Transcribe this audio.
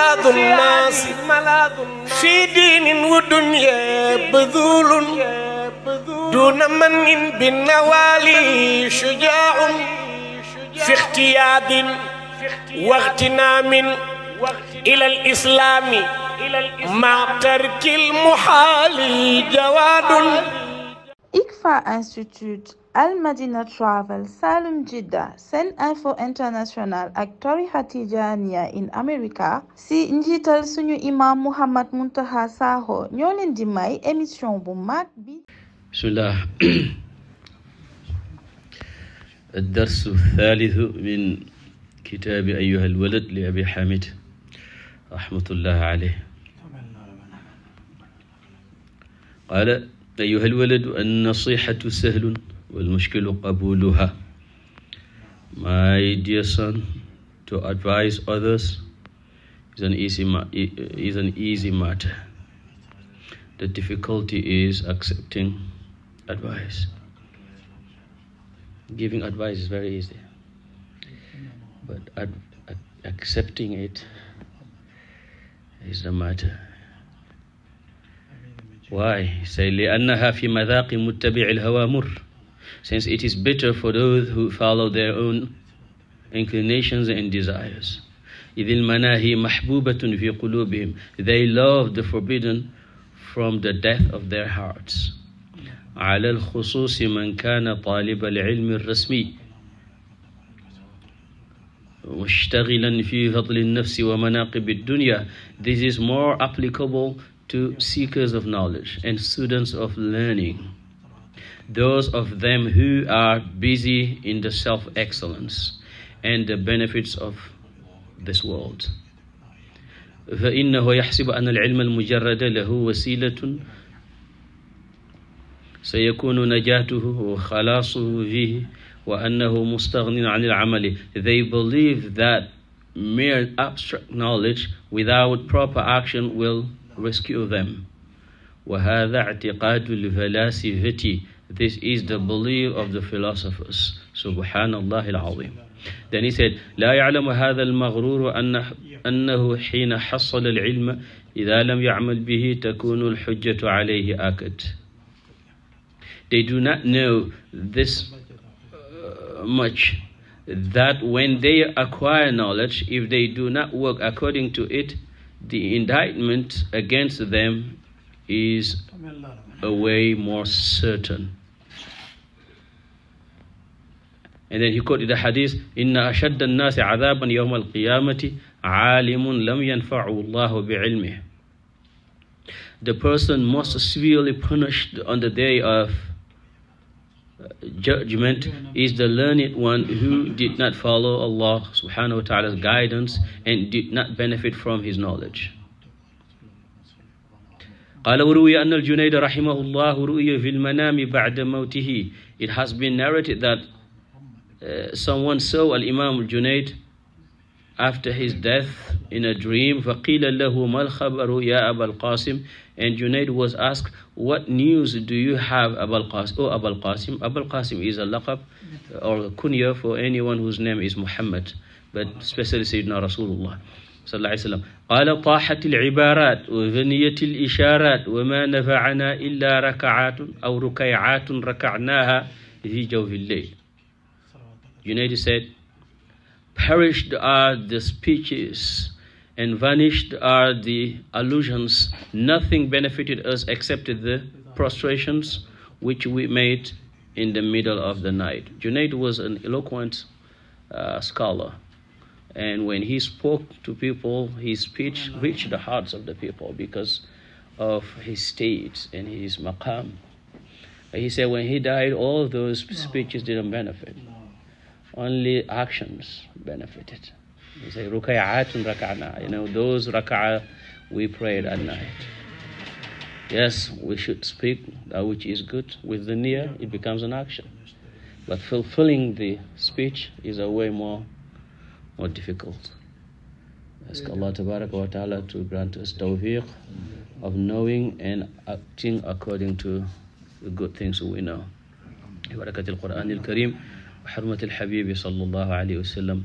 ملاذ الناس في دين ودنيا بذول دون من بالنوالي شجاع في اغتياب واغتنام إلى الإسلام مع ترك المحال جواد ITFA institute Al Madina Travel Salum Jidda Sen Info International ak tarixa Tijaaniya in America si njiital suñu imam Mouhammad Muntaqa Sakho ñoo leen di may émission bu mag bi bismillah الدرس الثالث من كتاب أيها الولد لأبي حامد رحمة الله عليه قال أيها الولد النصيحة سهل والمشكل قبولها My dear son, to advise others is an easy, is an easy matter. The difficulty is accepting advice. Giving advice is very easy, but accepting it is the matter. Why? Say, لأنها في مذاق متبع الهوامر. Since it is better for those who follow their own inclinations and desires. إذ المناهي محبوبة في قلوبهم. They love the forbidden from the depth of their hearts. على الخصوص من كان طالب العلم الرسمي مشتغلا في فضل النفس ومناقب الدنيا. This is more applicable to seekers of knowledge and students of learning, those of them who are busy in the self excellence and the benefits of this world. فإنه يحسب أن العلم المجرد له وسيلة سيكون نجاته وخلاصه فيه وأنه مستغن عن العمل. They believe that mere abstract knowledge without proper action rescue them. وهذا اعتقاد الفلاسفة This is the belief of the philosophers. Subhanallah al-azim. Then he said, لا يعلم هذا المغرور أنه حين حصل العلم إذا لم يعمل به تكون الحجة عليه آكد. They do not know this uh, much that when they acquire knowledge, if they do not work according to it, the indictment against them is a way more certain. And then he quoted the hadith, إِنَّ أَشَدَّ النَّاسِ عَذَابًا يَوْمَ الْقِيَامَةِ عَالِمٌ لَمْ يَنْفَعُهُ اللَّهُ بِعِلْمِهِ The person most severely punished on the day of judgment is the learned one who did not follow Allah subhanahu wa ta'ala's guidance and did not benefit from his knowledge قال وروي أن الجنيد رحمه الله رؤي في المنام بعد موته it has been narrated that uh, someone saw al-Imam al-Junayd after his death in a dream فقيل له ما الخبر يا أبا القاسم and Junaid was asked what news do you have Abul Qasim oh Abul Qasim Abul Qasim is a laqab or a kunya for anyone whose name is Muhammad but especially Sayyidina Rasulullah صلى الله عليه وسلم قال طاحت العبارات وفنيت الإشارات وما نفعنا إلا ركعات أو ركيعات ركعناها في جوف الليل Junaid said Perished are the speeches and vanished are the allusions. Nothing benefited us except the prostrations which we made in the middle of the night. Junaid was an eloquent uh, scholar. And when he spoke to people, his speech reached the hearts of the people because of his state and his maqam. He said when he died, all those speeches didn't benefit. only actions benefited. We say rukayatun raka'na, you know, those raka'ah we prayed at night. Yes, we should speak that which is good with the near, it becomes an action. But fulfilling the speech is a way more, more difficult. Ask Allah wa ta'ala to grant us tawfiq of knowing and acting according to the good things we know. ببركة القرآن الكريم xurmatil xabibi sallallahu alayhi wa sallam